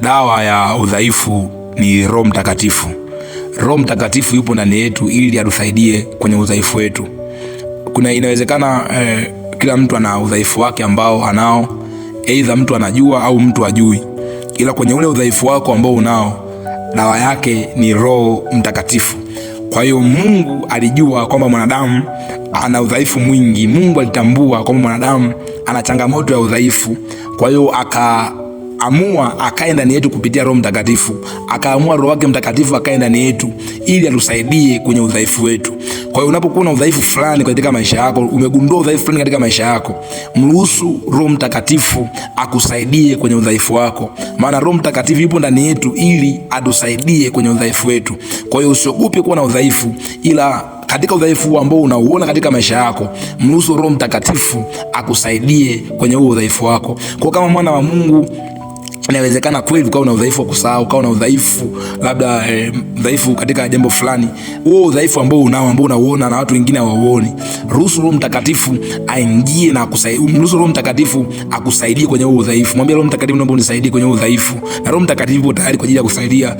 Dawa ya udhaifu ni Roho Mtakatifu. Roho Mtakatifu yupo ndani yetu ili atusaidie kwenye udhaifu wetu. Kuna inawezekana eh, kila mtu ana udhaifu wake ambao anao, aidha mtu anajua au mtu ajui ila kwenye ule udhaifu wako ambao unao dawa yake ni Roho Mtakatifu. Kwa hiyo Mungu alijua kwamba mwanadamu ana udhaifu mwingi. Mungu alitambua kwamba mwanadamu ana changamoto ya udhaifu, kwa hiyo aka akaamua akae ndani yetu kupitia Roho Mtakatifu, akaamua Roho wake Mtakatifu akae ndani yetu ili atusaidie kwenye udhaifu wetu. Kwa hiyo unapokuwa na udhaifu fulani katika maisha yako, umegundua udhaifu fulani katika maisha yako, mruhusu Roho Mtakatifu akusaidie kwenye udhaifu wako, maana Roho Mtakatifu yupo ndani yetu ili atusaidie kwenye udhaifu wetu. Kwa hiyo usiogope kuwa na udhaifu, ila katika udhaifu ambao unauona katika maisha yako, mruhusu Roho Mtakatifu akusaidie kwenye huo udhaifu wako. Kwa kama mwana wa Mungu inawezekana kweli ukawa una udhaifu wa kusahau, ukawa na udhaifu labda eh, udhaifu katika jambo fulani. Huo udhaifu ambao unao ambao unauona na watu wengine hawauoni, ruhusu Roho Mtakatifu aingie na akusaidie. Ruhusu Roho Mtakatifu akusaidie kwenye huo udhaifu. Mwambie Roho Mtakatifu, naomba unisaidie kwenye udhaifu, na Roho Mtakatifu tayari kwa ajili ya kusaidia.